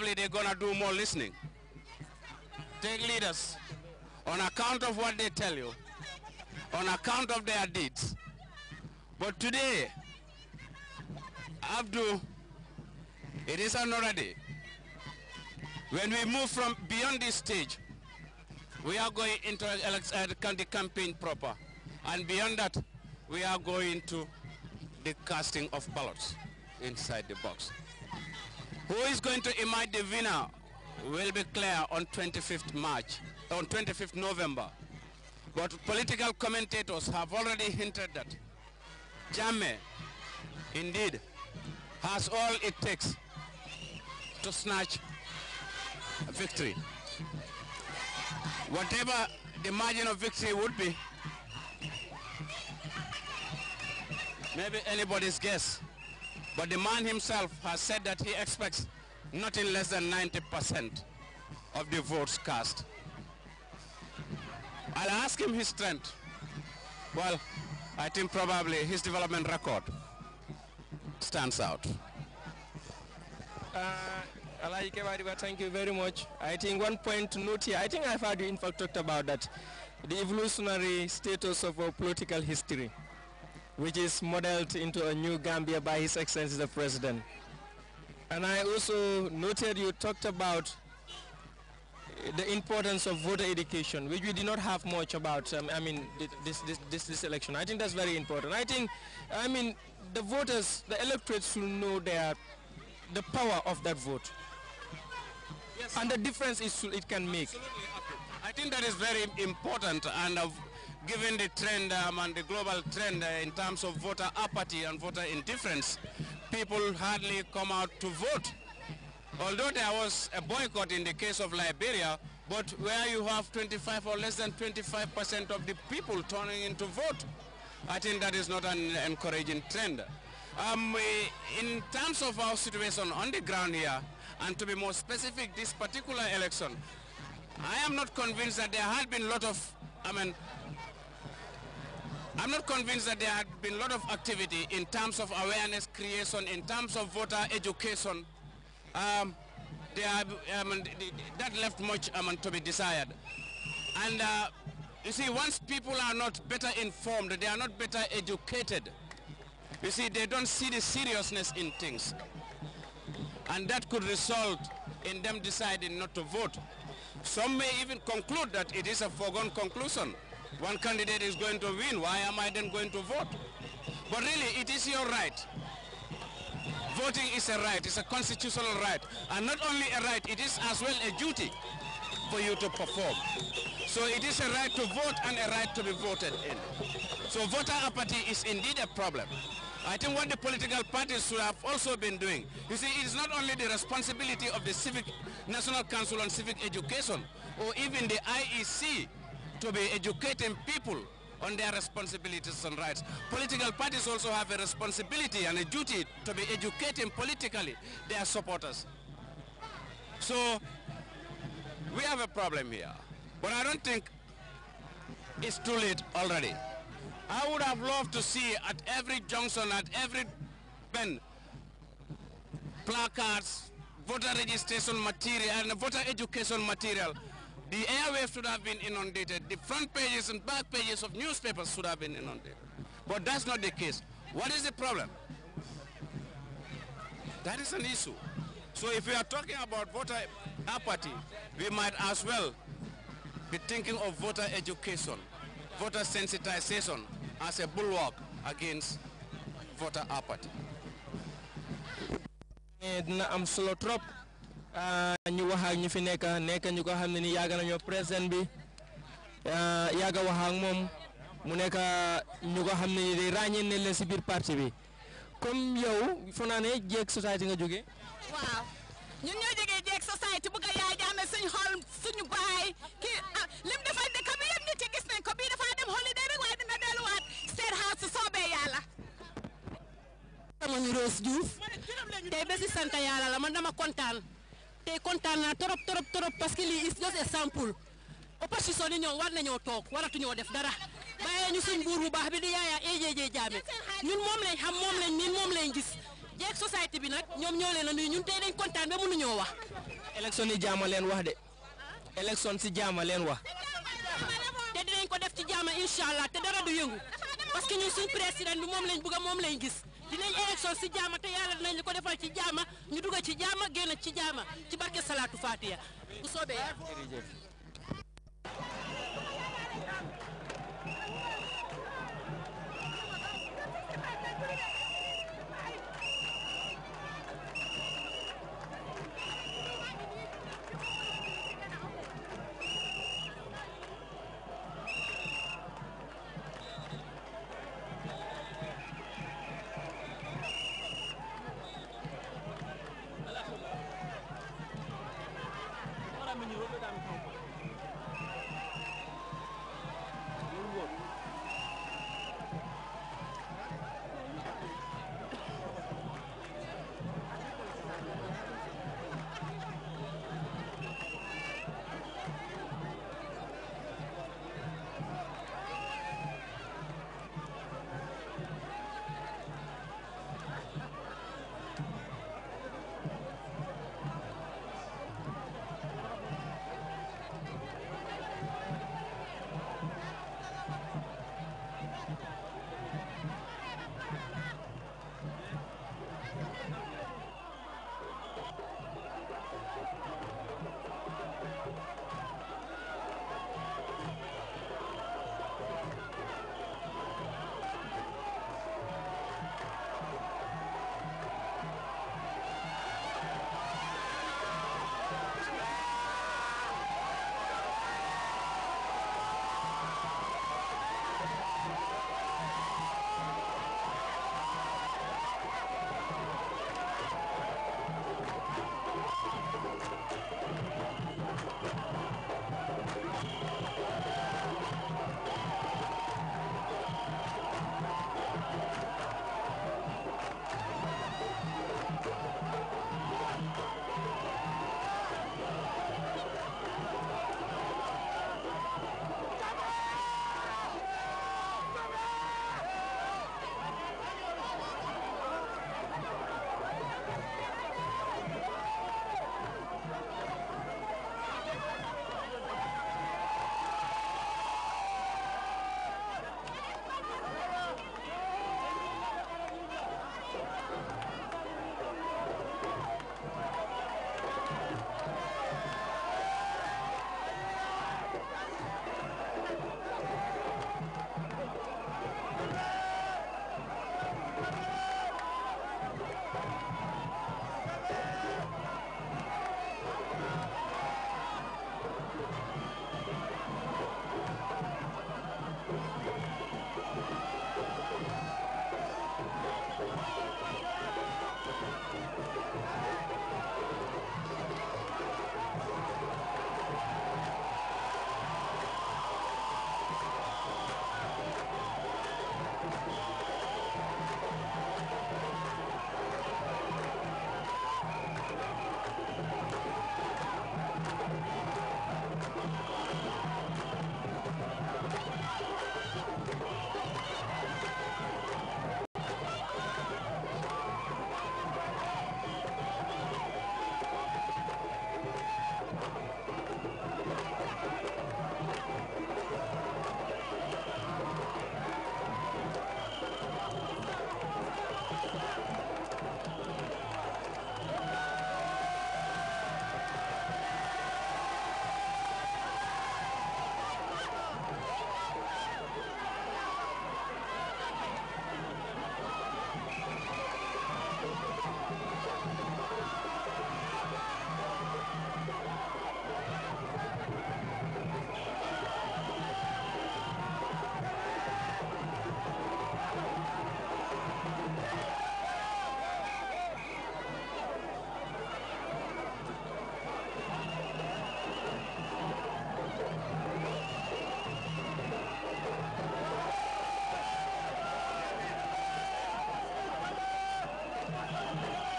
probably they're going to do more listening. Take leaders. On account of what they tell you, on account of their deeds. But today, Abdul, it is another day. When we move from beyond this stage, we are going into uh, the campaign proper. And beyond that, we are going to the casting of ballots inside the box. Who is going to emerge the winner will be clear on 25th March, on 25th November. But political commentators have already hinted that Jammeh, indeed, has all it takes to snatch victory. Whatever the margin of victory would be, maybe anybody's guess. But the man himself has said that he expects nothing less than 90% of the votes cast. I'll ask him his strength. Well, I think probably his development record stands out. Uh, thank you very much. I think one point to note here, I think I've heard you in fact talked about that, the evolutionary status of our political history which is modeled into a new Gambia by His Excellency the President. And I also noted you talked about the importance of voter education, which we did not have much about, um, I mean, this, this, this, this election. I think that's very important. I think, I mean, the voters, the electorates should know their, the power of that vote. Yes. And the difference it, it can make. Absolutely. I think that is very important and uh, given the trend um, and the global trend uh, in terms of voter apathy and voter indifference, people hardly come out to vote. Although there was a boycott in the case of Liberia, but where you have 25 or less than 25% of the people turning in to vote, I think that is not an encouraging trend. Um, in terms of our situation on the ground here, and to be more specific, this particular election, I am not convinced that there had been a lot of, I mean, I'm not convinced that there had been a lot of activity in terms of awareness creation, in terms of voter education. Um, um, that left much um, to be desired. And uh, you see, once people are not better informed, they are not better educated, you see, they don't see the seriousness in things. And that could result in them deciding not to vote. Some may even conclude that it is a foregone conclusion one candidate is going to win, why am I then going to vote? But really, it is your right. Voting is a right, it's a constitutional right. And not only a right, it is as well a duty for you to perform. So it is a right to vote and a right to be voted in. So voter apathy is indeed a problem. I think what the political parties should have also been doing, you see, it is not only the responsibility of the Civic National Council on Civic Education or even the IEC to be educating people on their responsibilities and rights. Political parties also have a responsibility and a duty to be educating politically their supporters. So we have a problem here. But I don't think it's too late already. I would have loved to see at every junction, at every bend, placards, voter registration material and voter education material the airwaves should have been inundated. The front pages and back pages of newspapers should have been inundated. But that's not the case. What is the problem? That is an issue. So if we are talking about voter apathy, we might as well be thinking of voter education, voter sensitization as a bulwark against voter apathy. Eh, i am slow, trop uh, ñu wax ak ñu fi nekk nekk ñu ko xam ne ni yàgg nañoo président bi ah, yàgg a wax ak moom mu nekk ñu ko xam ne ni day ràññee ne leen si biir parti bi comme yow foo naa ne jeeg society nga jóge waaw ñun ñoo jógee jeeg society bu ko yaay jaame suñ xol suñu baay kii ah, lim dafa nekk bi yëpp nit ci gis nañ ko bii dafa dem holiday rek waaye dina delluwaat seen xaal su soobee yàlla sama ñu Rose Diouf tey bési sant yàlla la man dama kontaan tey kontaan naa trop trop trop parce que lii is just exemple opposition ni ñoom war nañoo toog waratuñoo def dara bàyyee ñu suñ buur bu baax bi di Yaya AJ Jammeh ñun moom lañ xam moom lañ miin moom lañ gis jeeg société bi nag ñoom ñoo leen a nuyu ñun tey dañ kontaan ba mënuñoo wax. élection yi jaama leen wax de. élection si jaama leen wax. te dinañ ko def ci jaama incha allah te dara du yëngu parce que ñun suñ président bi moom lañ bëgg moom lañ gis. dinañ élection si jaama te yàlla dinañ li ko defal ci jaama ñu duga ci jaama génn ci jaama ci barke salaatu fatiya bu soobee Thank you.